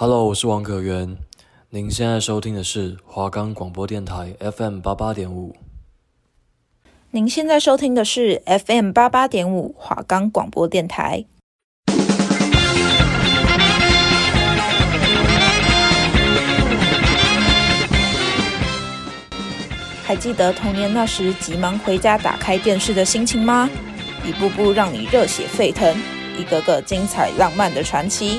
Hello，我是王可元。您現在收聽的是華岡廣播電台 FM 八八點五。您現在收聽的是 FM 八八點五華岡廣播電台。還記得童年那時急忙回家打開電視的心情嗎？一步步讓你熱血沸騰，一個個精彩浪漫的傳奇。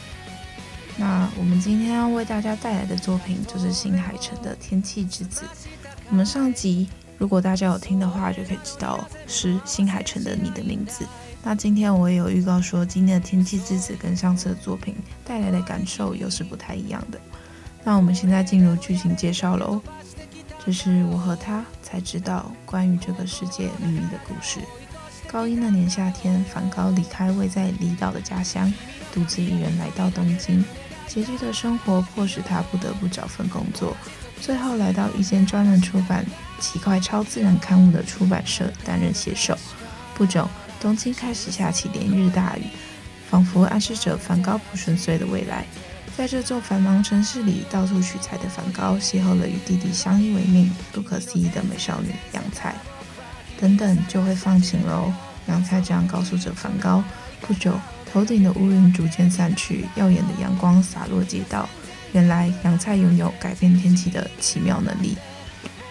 那我們今天要為大家帶來的作品就是新海誠的《天氣之子》。我們上集如果大家有聽的話，就可以知道、哦、是新海誠的《你的名字》。那今天我也有預告說，今天的《天氣之子》跟上次的作品帶來的感受又是不太一樣的。那我們現在進入劇情介紹嘍，這是我和他才知道關於這個世界秘密的故事。高一那年夏天，帆高離開位在離島的家鄉，獨自一人來到東京。拮據的生活迫使他不得不找份工作，最後來到一間專門出版奇怪超自然刊物的出版社擔任寫手。不久，東京開始下起連日大雨，仿佛暗示着帆高不順遂的未來。在這座繁忙城市裡，到處取材的帆高邂逅了與弟弟相依為命、不可思議的美少女陽菜。等等，就會放晴了哦，陽菜這樣告訴着帆高。不久。頭頂的烏雲逐漸散去，耀眼的陽光灑落街道。原來，陽菜擁有改變天氣的奇妙能力。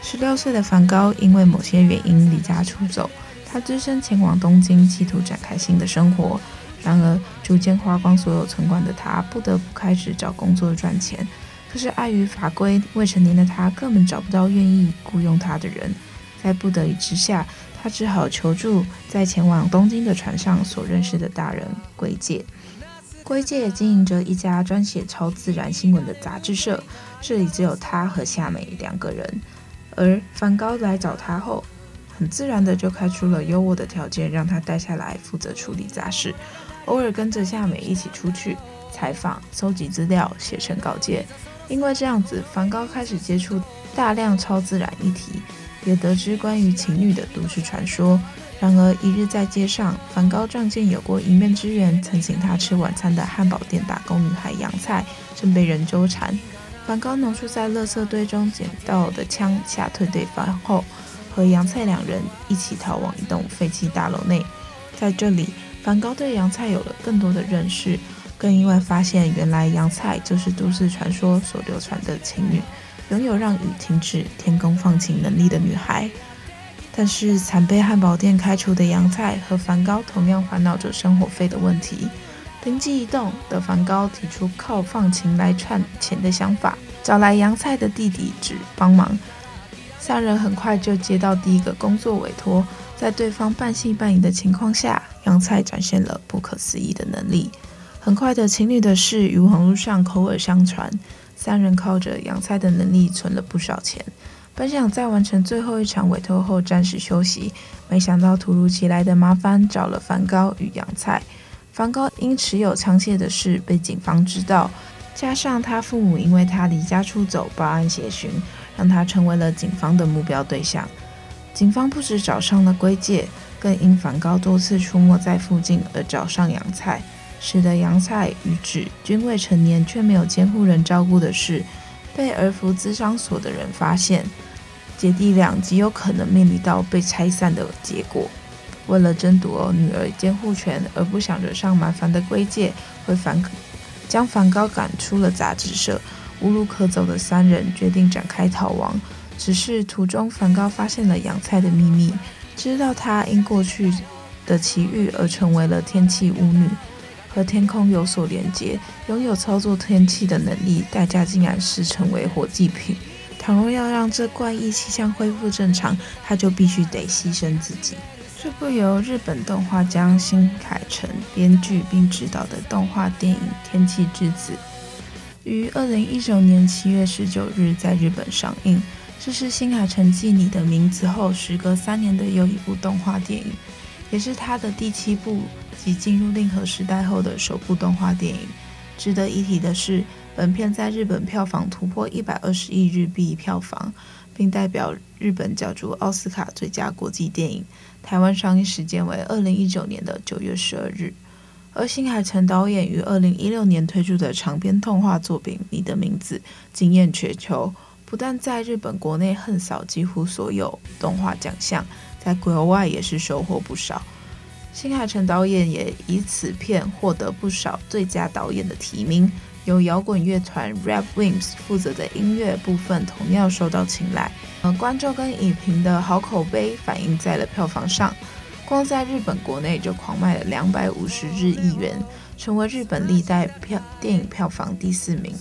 十六歲的帆高因為某些原因離家出走，他只身前往東京，企圖展開新的生活。然而，逐漸花光所有存款的他，不得不開始找工作賺錢。可是，礙於法規，未成年的他根本找不到願意雇傭他的人。在不得已之下，他只好求助在前往東京的船上所認識的大人圭介。圭介經營着一家專寫超自然新聞的雜誌社，這裡只有他和夏美兩個人。而帆高來找他後，很自然的就開出了優渥的條件，讓他帶下來負責處理雜事，偶爾跟着夏美一起出去採訪、收集資料、寫成稿件。因為這樣子，帆高開始接觸大量超自然議題。也得知關於晴女的都市傳說。然而，一日在街上，帆高撞見有過一面之緣、曾請他吃晚餐的漢堡店打工女孩陽菜，正被人糾纏。帆高拿出在垃圾堆中撿到的槍嚇退對方後，和陽菜兩人一起逃往一棟廢棄大樓內。在這裡，帆高對陽菜有了更多的認識，更意外發現原來陽菜就是都市傳說所流傳的晴女。擁有讓雨停止、天空放晴能力的女孩，但是慘被漢堡店開除的陽菜和帆高同樣煩惱着生活費的問題。靈機一動的帆高提出靠放晴來賺錢的想法，找來陽菜的弟弟凪幫忙。三人很快就接到第一個工作委托，在對方半信半疑的情況下，陽菜展現了不可思議的能力。很快的情侶的事如網路上口耳相傳，三人靠着陽菜的能力存了不少錢。本想在完成最後一場委托後暫時休息，沒想到突如其來的麻煩找了帆高與陽菜。帆高因持有槍械的事被警方知道，加上他父母因為他離家出走報案協尋，讓他成為了警方的目標對象。警方不只找上了圭介，更因帆高多次出沒在附近而找上陽菜。使得陽菜與凪均未成年卻沒有監護人照顧的事，被兒福諮商所的人發現，姐弟倆極有可能面臨到被拆散的結果。為了爭奪女兒監護權而不想惹上麻煩的圭介，會反將帆高趕出了雜誌社。無路可走的三人決定展開逃亡，只是途中帆高發現了陽菜的秘密，知道她因過去的奇遇而成為了天氣巫女。和天空有所連接，擁有操作天氣的能力，代價竟然是成為活祭品。倘若要讓這怪異氣象恢復正常，他就必須得犧牲自己。這部由日本動畫家新海誠編劇並執導的動畫電影《天氣之子》，於二零一九年七月十九日在日本上映。這是新海誠繼《你的名字》後，時隔三年的又一部動畫電影。也是他的第七部及進入令和時代後的首部動畫電影。值得一提的是，本片在日本票房突破一百二十億日幣票房，並代表日本角逐奧斯卡最佳國際電影。台灣上映時間為二零一九年的九月十二日。而新海誠導演於二零一六年推出的長篇動畫作品《你的名字》驚艷全球，不但在日本國內橫掃幾乎所有動畫獎項。在國外也是收穫不少，新海誠導演也以此片獲得不少最佳導演的提名。由搖滾樂團 RADWIMPS 負責的音樂部分同樣受到青睞。而觀眾跟影評的好口碑反映在了票房上，光在日本國內就狂賣了兩百五十日億元，成為日本歷代票電影票房第四名。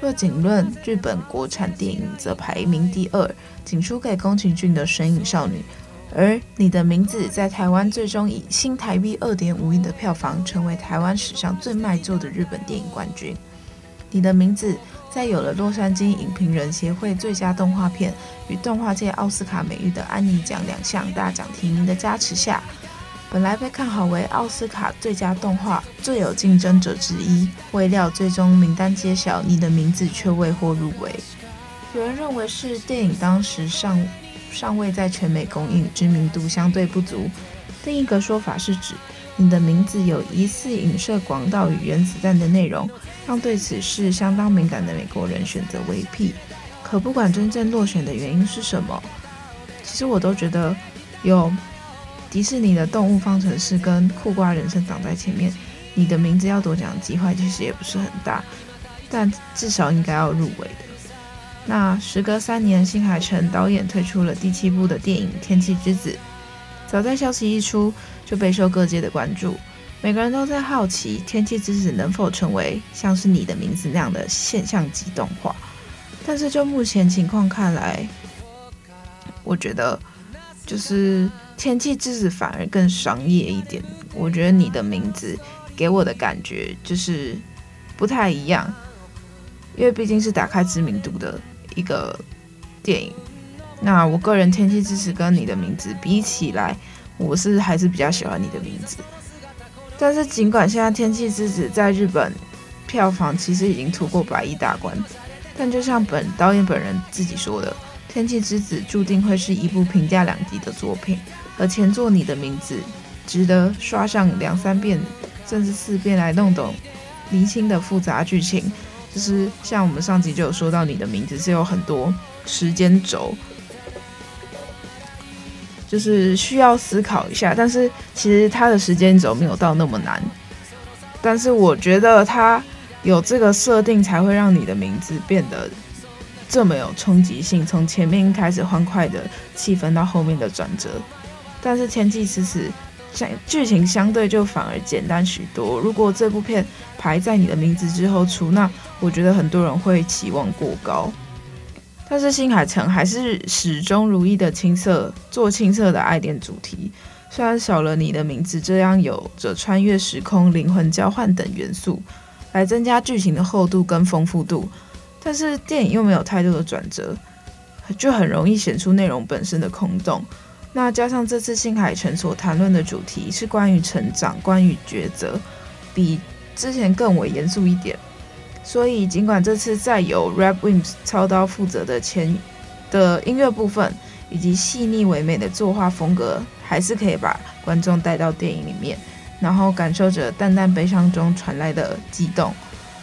若僅論日本國產電影，則排名第二，僅輸給宮崎駿的《神隱少女》。而你的名字在台灣最終以新台幣二點五億的票房，成為台灣史上最賣座的日本電影冠軍。你的名字在有了洛杉磯影評人協會最佳動畫片與動畫界奧斯卡美譽的安妮獎兩項大獎提名的加持下，本來被看好為奧斯卡最佳動畫最有競爭者之一，未料最終名單揭曉，你的名字卻未獲入圍。有人認為是電影當時上。尚未在全美公映，知名度相對不足。另一個說法是指你的名字有疑似影射廣島與原子彈的內容，讓對此事相當敏感的美國人選擇回避。可不管真正落選的原因是什麼，其實我都覺得有迪士尼的《動物方城市》跟《酷瓜人生》擋在前面，你的名字要奪獎的機會其實也不是很大，但至少應該要入圍的。那時隔三年，新海誠導演推出了第七部的電影《天氣之子》。早在消息一出，就備受各界的關注，每個人都在好奇《天氣之子》能否成為像是《你的名字》那樣的現象級動畫。但是就目前情況看來，我覺得就是《天氣之子》反而更商業一點。我覺得《你的名字》給我的感覺就是不太一樣，因為畢竟是打開知名度的。一個電影，那我個人《天氣之子》跟你的名字比起來，我是還是比較喜歡你的名字。但是儘管現在《天氣之子》在日本票房其實已經突破百億大關，但就像本導演本人自己說的，《天氣之子》注定會是一部評價兩極的作品，而前作《你的名字》值得刷上兩三遍甚至四遍來弄懂釐清的複雜劇情。就是像我們上集就有說到，你的名字是有很多時間軸，就是需要思考一下。但是其實它的時間軸沒有到那麼難，但是我覺得它有這個設定才會讓你的名字變得這麼有衝擊性，從前面開始歡快的氣氛到後面的轉折。但是天氣之子。像劇情相對就反而簡單許多。如果這部片排在你的名字之後出，那我覺得很多人會期望過高。但是新海誠還是始終如一的青澀，做青澀的愛戀主題。雖然少了你的名字這樣有着穿越時空、靈魂交換等元素來增加劇情的厚度跟豐富度，但是電影又沒有太多的轉折，就很容易顯出內容本身的空洞。那加上這次新海誠所談論的主題是關於成長，關於抉擇，比之前更為嚴肅一點。所以儘管這次再有 RADWIMPS 操刀負責的前的音樂部分，以及細膩唯美的作畫風格，還是可以把觀眾帶到電影裡面，然後感受着淡淡悲傷中傳來的激動，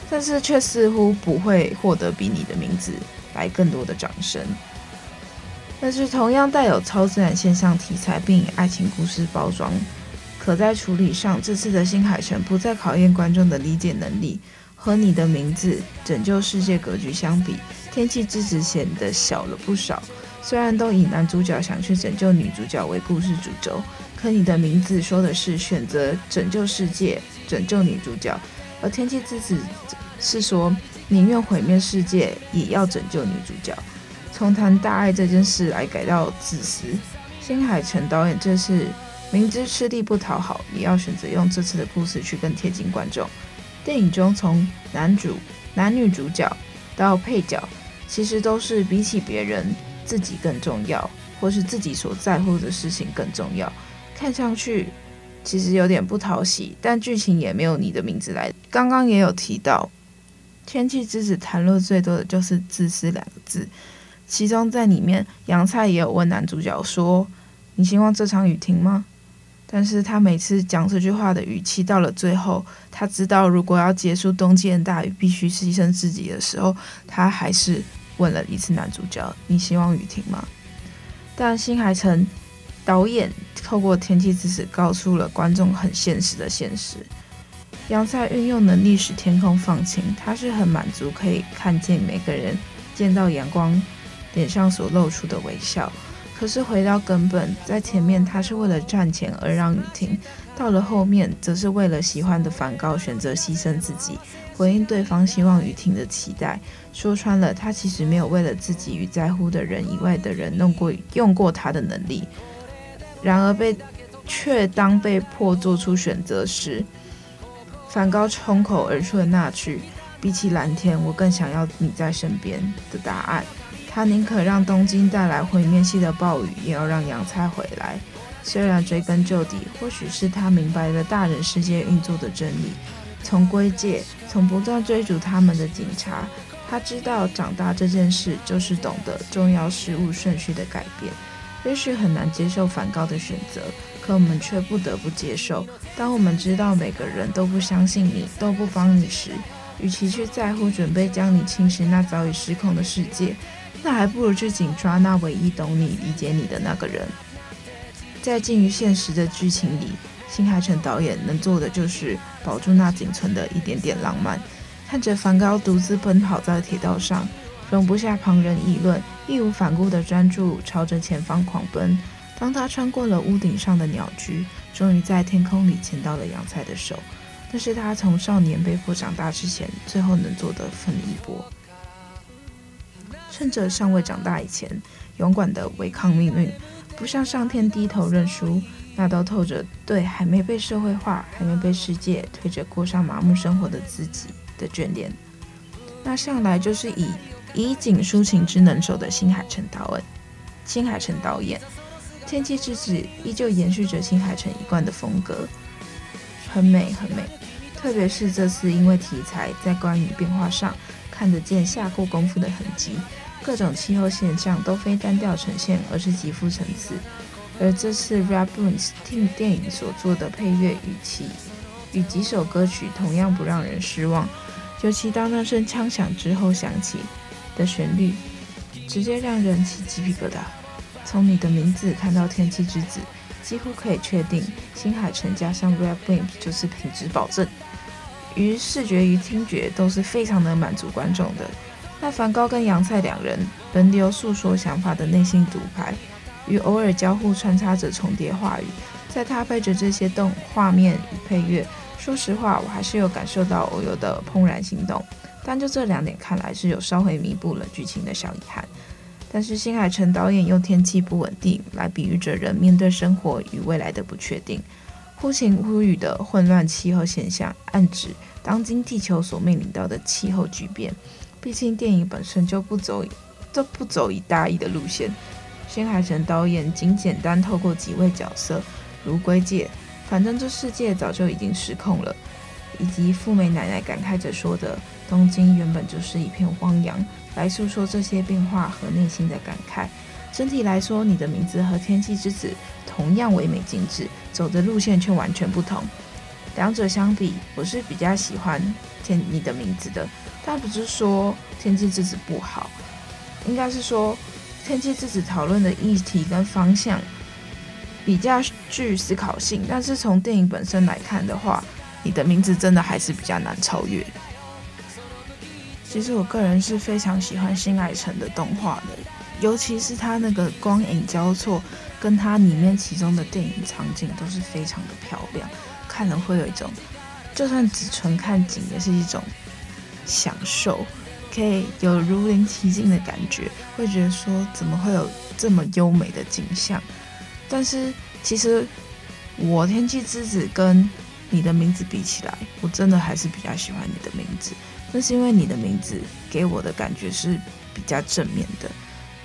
但是卻似乎不會獲得比你的名字來更多的掌聲。但是同樣帶有超自然現象題材，並以愛情故事包裝，可在處理上，這次的新海誠不再考驗觀眾的理解能力，和你的名字拯救世界格局相比，天氣之子顯得小了不少。雖然都以男主角想去拯救女主角為故事主軸，可你的名字說的是選擇拯救世界，拯救女主角，而天氣之子是說寧願毀滅世界也要拯救女主角。從談大愛這件事來改到自私，新海誠導演這次明知吃力不討好，也要選擇用這次的故事去更貼近觀眾。電影中從男主、男女主角到配角，其實都是比起別人自己更重要，或是自己所在乎的事情更重要。看上去其實有點不討喜，但劇情也沒有你的名字來。剛剛也有提到，《天氣之子》談論最多的就是自私兩個字。其中在裡面，陽菜也有問男主角說：“你希望這場雨停嗎？”但是他每次講這句話的語氣，到了最後，他知道如果要結束冬季的大雨，必須犧牲自己的時候，他還是問了一次男主角：“你希望雨停嗎？”但新海誠導演透過天氣知識，告訴了觀眾很現實的現實。陽菜運用能力使天空放晴，他是很滿足可以看見每個人見到陽光。臉上所露出的微笑。可是回到根本，在前面，他是為了賺錢而讓雨停；到了後面，則是為了喜歡的梵高選擇犧牲自己，回應對方希望雨停的期待。說穿了，他其實沒有為了自己與在乎的人以外的人弄過、用過他的能力。然而被卻當被迫做出選擇時，梵高衝口而出的那句“比起藍天，我更想要你在身邊”的答案。他寧可讓東京帶來毀滅性的暴雨，也要讓陽菜回來。雖然追根究底，或許是他明白了大人世界運作的真理：從歸界，從不斷追逐他們的警察，他知道長大這件事就是懂得重要事物順序的改變。也許很難接受帆高的選擇，可我們卻不得不接受。當我們知道每個人都不相信你，都不幫你時，與其去在乎準備將你侵蝕那早已失控的世界。那還不如去緊抓那唯一懂你、理解你的那個人。在近於現實的劇情裡，新海誠導演能做的就是保住那僅存的一點點浪漫。看着帆高獨自奔跑在鐵道上，容不下旁人議論，義無反顧地專注朝着前方狂奔。當他穿過了屋頂上的鳥居，終於在天空裡牽到了陽菜的手。那是他從少年被迫長大之前，最後能做的奮力一搏。趁着尚未長大以前，勇敢地違抗命運，不向上天低頭認輸，那都透着對還沒被社會化、還沒被世界推着過上麻木生活的自己的眷戀。那向來就是以以景抒情之能手的新海誠導演，新海誠導演，《天氣之子》依舊延續着新海誠一貫的風格，很美很美，特別是這次因為題材在光影變化上看得見下過功夫的痕跡。各種氣候現象都非單調呈現，而是極富層次。而這次 RADWIMPS 電影所做的配樂與其與幾首歌曲同樣不讓人失望，尤其當那聲槍響之後響起的旋律，直接讓人起雞皮疙瘩。從你的名字看到《天氣之子》，幾乎可以確定，新海誠加上 RADWIMPS 就是品質保證。於視覺與聽覺都是非常能滿足觀眾的。那帆高跟陽菜兩人輪流訴說想法的內心獨白，與偶爾交互穿插着重疊話語，再搭配着這些動畫畫面與配樂，說實話我還是有感受到偶有的怦然心動。但就這兩點看來，是有稍微彌補了劇情的小遺憾。但是新海誠導演用天氣不穩定來比喻着人面對生活與未來的不確定，忽晴忽雨的混亂氣候現象，暗指當今地球所面臨到的氣候巨變。畢竟電影本身就不走，就不走一大意的路線。新海誠導演僅簡單透過幾位角色，如歸界，反正這世界早就已經失控了，以及富美奶奶感慨着說的“東京原本就是一片汪洋”，來訴說這些變化和內心的感慨。整體來說，《你的名字》和《天氣之子》同樣唯美精緻，走的路線卻完全不同。兩者相比，我是比較喜歡天，《你的名字》的。但不是說天氣之子不好，應該是說天氣之子討論的議題跟方向比較具思考性。但是從電影本身來看的話，你的名字真的還是比較難超越。其實我個人是非常喜歡新海誠的動畫的，尤其是它那個光影交錯，跟它裡面其中的電影場景都是非常的漂亮，看了會有一種，就算只純看景也是一種。享受，可以有如臨其境的感覺，會覺得說怎麼會有這麼優美的景象？但是其實我《天氣之子》跟你的名字比起來，我真的還是比較喜歡你的名字。那是因為你的名字給我的感覺是比較正面的，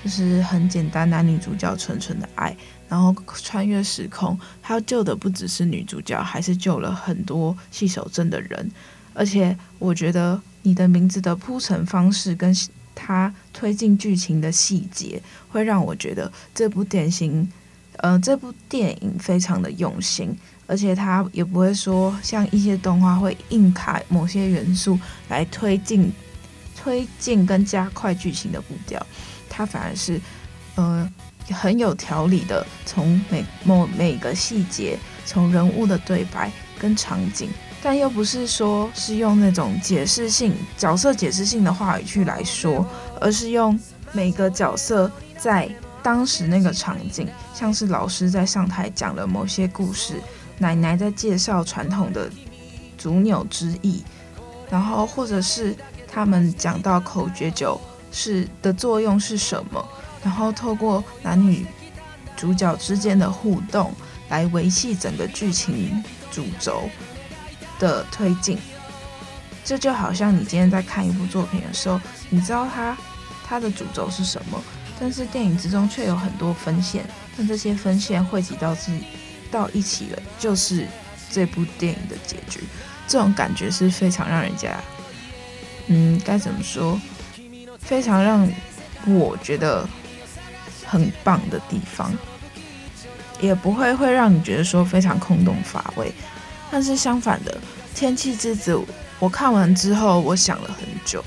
就是很簡單，男女主角純純的愛，然後穿越時空，他要救的不只是女主角，還是救了很多糸守鎮的人，而且我覺得。你的名字的鋪陳方式跟它推進劇情的細節，會讓我覺得這部典型，呃，這部電影非常的用心，而且它也不會說像一些動畫會硬卡某些元素來推進、推進跟加快劇情的步調，它反而是，呃，很有條理的，從每某每個細節，從人物的對白跟場景。但又不是說，是用那種解釋性角色解釋性的話語去來說，而是用每個角色在當時那個場景，像是老師在上台講了某些故事，奶奶在介紹傳統的組紐之意，然後或者是他們講到口嚼酒是的作用是什麼，然後透過男女主角之間的互動來維繫整個劇情主軸。的推進，這就好像你今天在看一部作品的時候，你知道它它的主軸是什麼，但是電影之中卻有很多分線，但這些分線匯集到自己到一起了，就是這部電影的結局。這種感覺是非常讓人家，嗯，該怎麼說，非常讓我覺得很棒的地方，也不會會讓你覺得說非常空洞乏味。但是相反的，《天氣之子》我看完之後，我想了很久。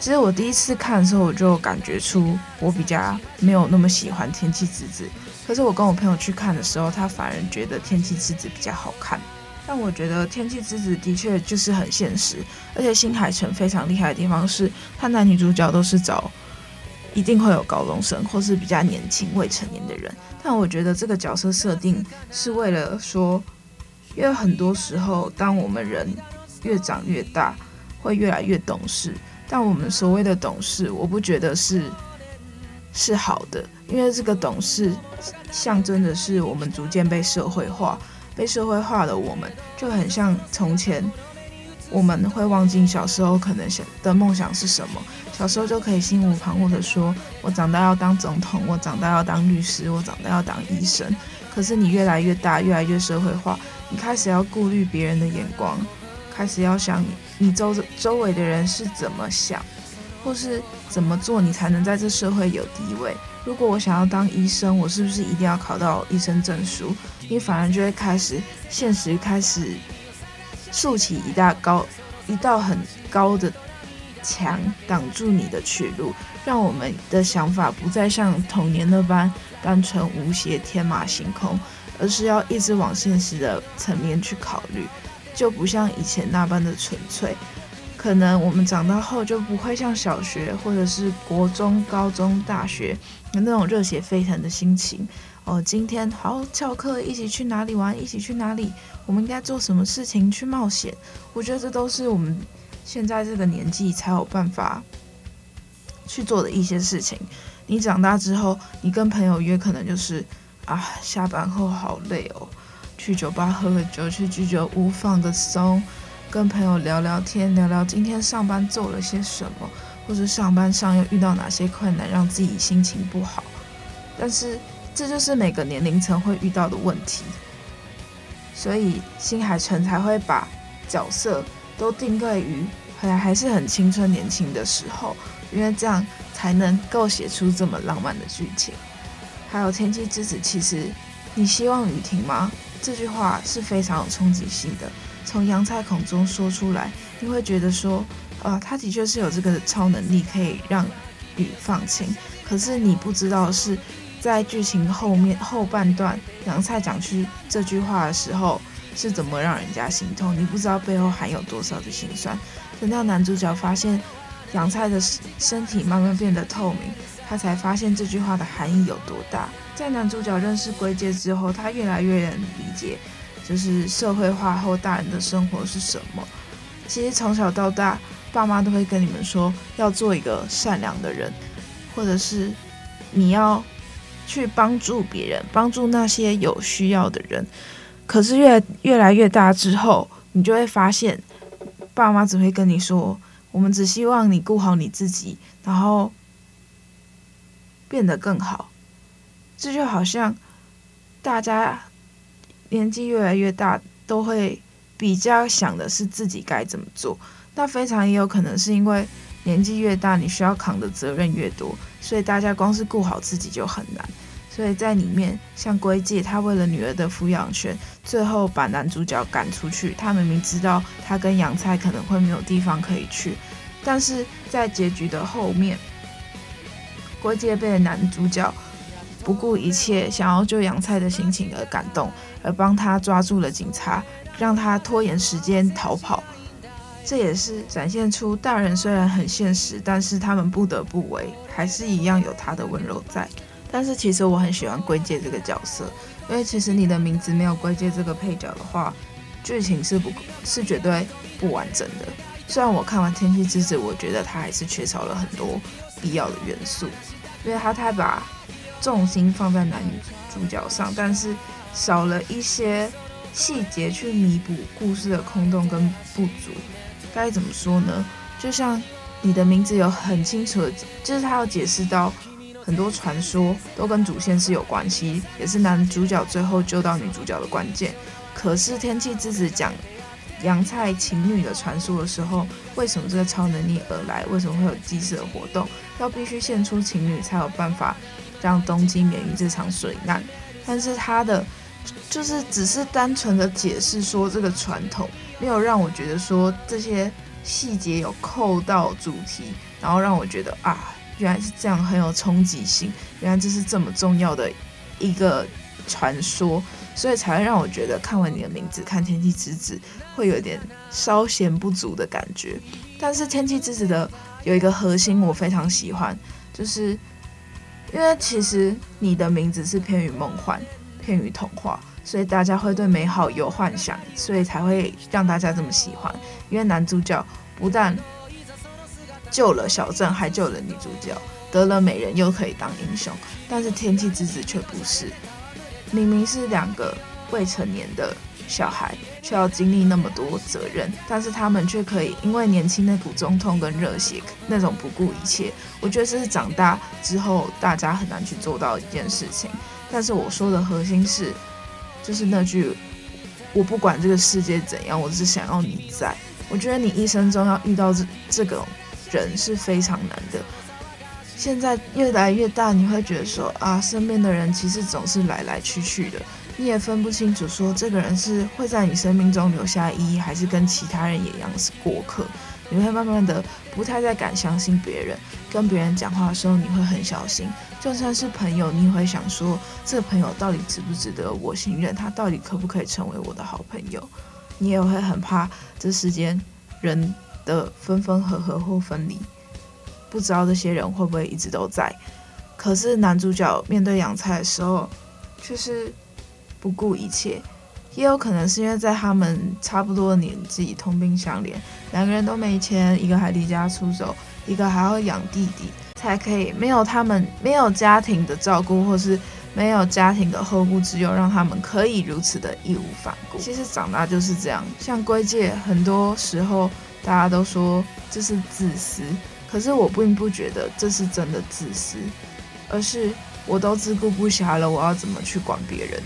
其實我第一次看的時候，我就感覺出我比較沒有那麼喜歡《天氣之子》。可是我跟我朋友去看的時候，他反而覺得《天氣之子》比較好看。但我覺得《天氣之子》的確就是很現實，而且新海誠非常厲害的地方是他男女主角都是找一定會有高中生或是比較年輕未成年的人。但我覺得這個角色設定是為了說。因為很多時候，當我們人越長越大，會越來越懂事。但我們所謂的懂事，我不覺得是是好的，因為這個懂事象徵的是我們逐漸被社會化，被社會化的我們就很像從前，我們會忘記小時候可能想的夢想是什麼，小時候就可以心無旁騖的說，我長大要當總統，我長大要當律師，我長大要當醫生。可是你越來越大，越來越社會化，你開始要顧慮別人的眼光，開始要想你，你周周圍的人是怎麼想，或是怎麼做，你才能在這社會有地位。如果我想要當醫生，我是不是一定要考到醫生證書？你反而就會開始，現實開始豎起一大高一道很高的。牆擋住你的去路，讓我們的想法不再像童年那般單純無邪、天馬行空，而是要一直往現實的層面去考慮，就不像以前那般的純粹。可能我們長大後就不會像小學或者是國中、高中、大學那種熱血沸騰的心情哦。今天好好翹課，一起去哪裡玩？一起去哪裡？我們應該做什麼事情去冒險？我覺得這都是我們。現在這個年紀才有辦法去做的一些事情。你長大之後，你跟朋友約，可能就是啊，下班後好累哦，去酒吧喝個酒，去居酒屋放個鬆，跟朋友聊聊天，聊聊今天上班做了些什麼，或是上班上又遇到哪些困難，讓自己心情不好。但是這就是每個年齡層會遇到的問題，所以新海誠才會把角色。都定位於回還是很青春年輕的時候，因為這樣才能夠寫出這麼浪漫的劇情。還有《天氣之子》，其實你希望雨停嗎？這句話是非常有衝擊性的，從陽菜口中說出來，你會覺得說，啊、呃，他的確是有這個超能力可以讓雨放晴，可是你不知道是在劇情後面後半段陽菜講出這句話的時候。是怎麼讓人家心痛？你不知道背後含有多少的心酸。等到男主角發現陽菜的身體慢慢變得透明，他才發現這句話的含義有多大。在男主角認識圭介之後，他越來越能理解，就是社會化後大人的生活是什麼。其實從小到大，爸媽都會跟你們說，要做一個善良的人，或者是你要去幫助別人，幫助那些有需要的人。可是越越來越大之後，你就會發現，爸媽只會跟你說，我們只希望你顧好你自己，然後變得更好。這就好像大家年紀越來越大，都會比較想的是自己該怎麼做。那非常也有可能是因為年紀越大，你需要扛的責任越多，所以大家光是顧好自己就很難。所以在裡面，像圭介，他為了女兒的撫養權，最後把男主角趕出去。他明明知道他跟楊菜可能會沒有地方可以去，但是在結局的後面，圭介被男主角不顧一切想要救楊菜的心情而感動，而幫他抓住了警察，讓他拖延時間逃跑。這也是展現出大人雖然很現實，但是他們不得不為，還是一樣有他的溫柔在。但是其實我很喜歡圭介這個角色，因為其實你的名字沒有圭介這個配角的話，劇情是不，是絕對不完整的。雖然我看完《天氣之子》，我覺得它還是缺少了很多必要的元素，因為它太把重心放在男女主角上，但是少了一些細節去彌補故事的空洞跟不足。該怎麼說呢？就像你的名字有很清楚的，就是他要解釋到。很多傳說都跟主線是有關係，也是男主角最後救到女主角的關鍵。可是天氣之子講陽菜情侶的傳說的時候，為什麼這個超能力而來？為什麼會有祭祀的活動？要必須獻出情侶才有辦法讓東京免於這場水難？但是他的就是只是單純的解釋說這個傳統，沒有讓我覺得說這些細節有扣到主題，然後讓我覺得啊。原來是這樣，很有衝擊性。原來這是這麼重要的一個傳說，所以才會讓我覺得看完你的名字，看天氣之子會有點稍嫌不足的感覺。但是天氣之子的有一個核心，我非常喜歡，就是因為其實你的名字是偏於夢幻、偏於童話，所以大家會對美好有幻想，所以才會讓大家這麼喜歡。因為男主角不但救了小鎮，還救了女主角，得了美人又可以當英雄，但是天氣之子卻不是。明明是兩個未成年的小孩，卻要經歷那麼多責任，但是他們卻可以因為年輕那股衝動跟熱血，那種不顧一切，我覺得這是長大之後大家很難去做到一件事情。但是我說的核心是，就是那句：我不管這個世界怎樣，我只想要你在。我覺得你一生中要遇到這這個、哦。人是非常難的，現在越來越大，你會覺得說啊，身邊的人其實總是來來去去的，你也分不清楚說這個人是會在你生命中留下意義，還是跟其他人也一樣是過客。你會慢慢的不太再敢相信別人，跟別人講話的時候你會很小心，就算是朋友，你也會想說這朋友到底值不值得我信任，他到底可不可以成為我的好朋友，你也會很怕這世間人。的分分合合或分離，不知道這些人會不會一直都在。可是男主角面對陽菜的時候，卻是不顧一切。也有可能是因為在他們差不多的年紀，同病相憐，兩個人都沒錢，一個還離家出走，一個還要養弟弟，才可以沒有他們，沒有家庭的照顧，或是沒有家庭的後顧之憂，讓他們可以如此的義無反顧。其實長大就是這樣，像圭介很多時候。大家都說這是自私，可是我並不覺得這是真的自私，而是我都自顧不暇了，我要怎麼去管別人？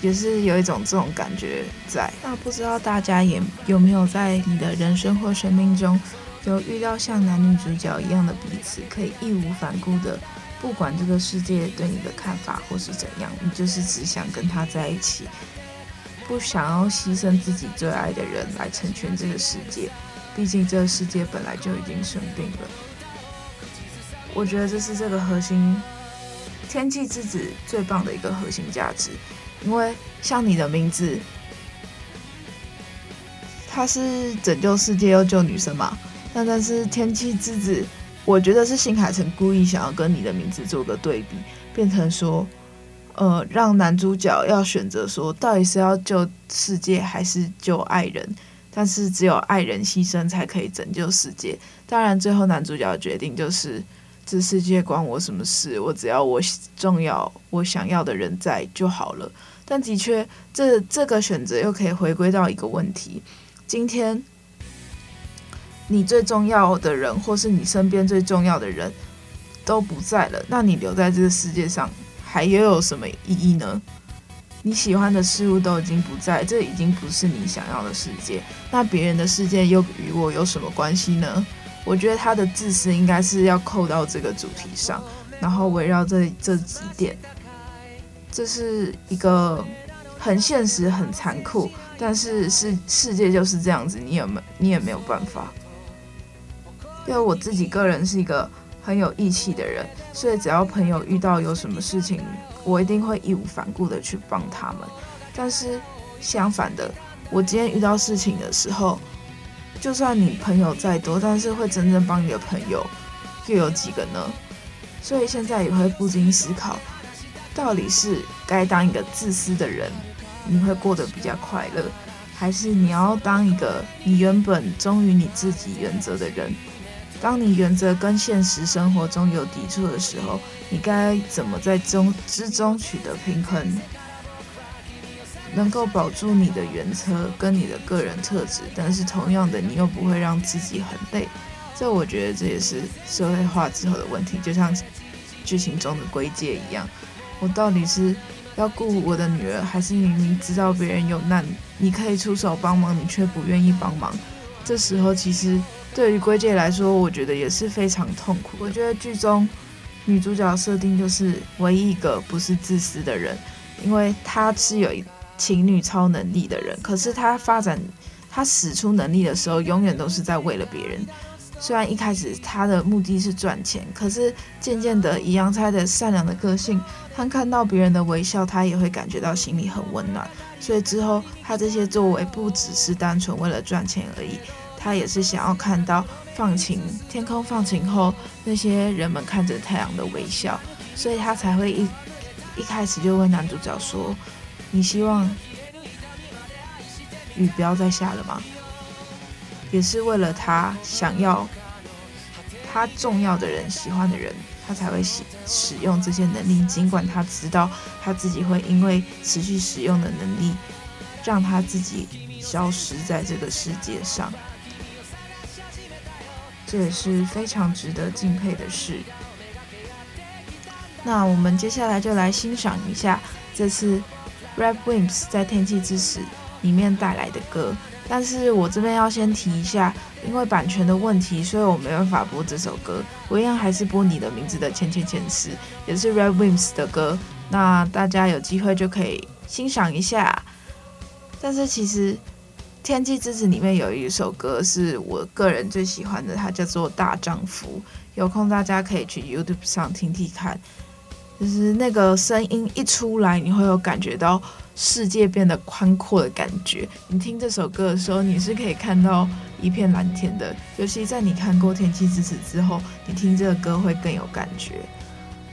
也是有一種這種感覺在。那不知道大家也有沒有在你的人生或生命中有遇到像男女主角一樣的彼此，可以義無反顧地不管這個世界對你的看法或是怎樣，你就是只想跟他在一起，不想要犧牲自己最愛的人來成全這個世界。畢竟這個世界本來就已經生病了，我覺得這是這個核心《天氣之子》最棒的一個核心價值，因為像你的名字，他是拯救世界又救女生嘛。但但是《天氣之子》，我覺得是新海誠故意想要跟你的名字做個對比，變成說，呃，讓男主角要選擇說，到底是要救世界還是救愛人。但是只有愛人犧牲，才可以拯救世界。當然，最後男主角的決定就是：這世界關我什麼事？我只要我重要、我想要的人在就好了。但的確，這這個選擇又可以回歸到一個問題：今天你最重要的人，或是你身邊最重要的人都不在了，那你留在這個世界上還又有什麼意義呢？你喜歡的事物都已經不在，這已經不是你想要的世界。那別人的世界又與我有什麼關係呢？我覺得他的自私應該是要扣到這個主題上，然後圍繞這這幾點。這是一個很現實、很殘酷，但是世世界就是這樣子，你也沒你也沒有辦法。因為我自己個人是一個很有義氣的人，所以只要朋友遇到有什麼事情，我一定會義無反顧的去幫他們，但是相反的，我今天遇到事情的時候，就算你朋友再多，但是會真正幫你的朋友又有幾個呢？所以現在也會不禁思考，到底是該當一個自私的人，你會過得比較快樂，還是你要當一個你原本忠於你自己原則的人？當你原則跟現實生活中有抵觸的時候，你該怎麼在中之中取得平衡，能夠保住你的原則跟你的個人特質，但是同樣的，你又不會讓自己很累。這我覺得這也是社會化之後的問題，就像劇情中的圭介一樣，我到底是要顧我的女兒，還是明明知道別人有難，你可以出手幫忙，你卻不願意幫忙？這時候其實。對於圭介來說，我覺得也是非常痛苦。我覺得劇中女主角設定就是唯一一個不是自私的人，因為她是有情侶超能力的人，可是她發展她使出能力的時候，永遠都是在為了別人。雖然一開始她的目的是賺錢，可是漸漸的，陽菜的善良的個性，她看到別人的微笑，她也會感覺到心裡很溫暖。所以之後她這些作為，不只是單純為了賺錢而已。他也是想要看到放晴，天空放晴後，那些人們看着太陽的微笑，所以他才會一一開始就問男主角說：“你希望雨不要再下了嗎？”也是為了他想要他重要的人、喜歡的人，他才會使使用這些能力，盡管他知道他自己會因為持續使用的能力，讓他自己消失在這個世界上。這也是非常值得敬佩的事。那我們接下來就來欣賞一下這次 RADWIMPS 在《天氣之子》裡面帶來的歌。但是我這邊要先提一下，因為版權的問題，所以我沒辦法播這首歌。我一樣還是播你的名字的《前前前世》，也是 RADWIMPS 的歌。那大家有機會就可以欣賞一下。但是其實……《天氣之子》裡面有一首歌是我個人最喜歡的，它叫做《大丈夫》。有空大家可以去 YouTube 上聽聽看，就是那個聲音一出來，你會有感覺到世界變得寬闊的感覺。你聽這首歌的時候，你是可以看到一片藍天的，尤其在你看過《天氣之子》之後，你聽這個歌會更有感覺。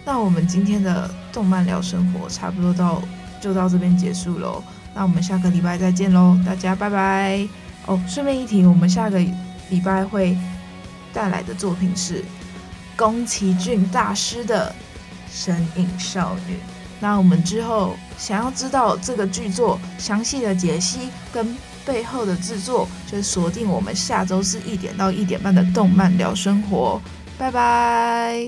那我們今天的動漫聊生活差不多到就到這邊結束嘍。那我們下個禮拜再見嘍，大家拜拜哦！順便一提，我們下個禮拜會帶來的作品是宮崎駿大師的《神隱少女》。那我們之後想要知道這個劇作詳細的解析跟背後的製作，就鎖定我們下週四一點到一點半的動漫聊生活，拜拜。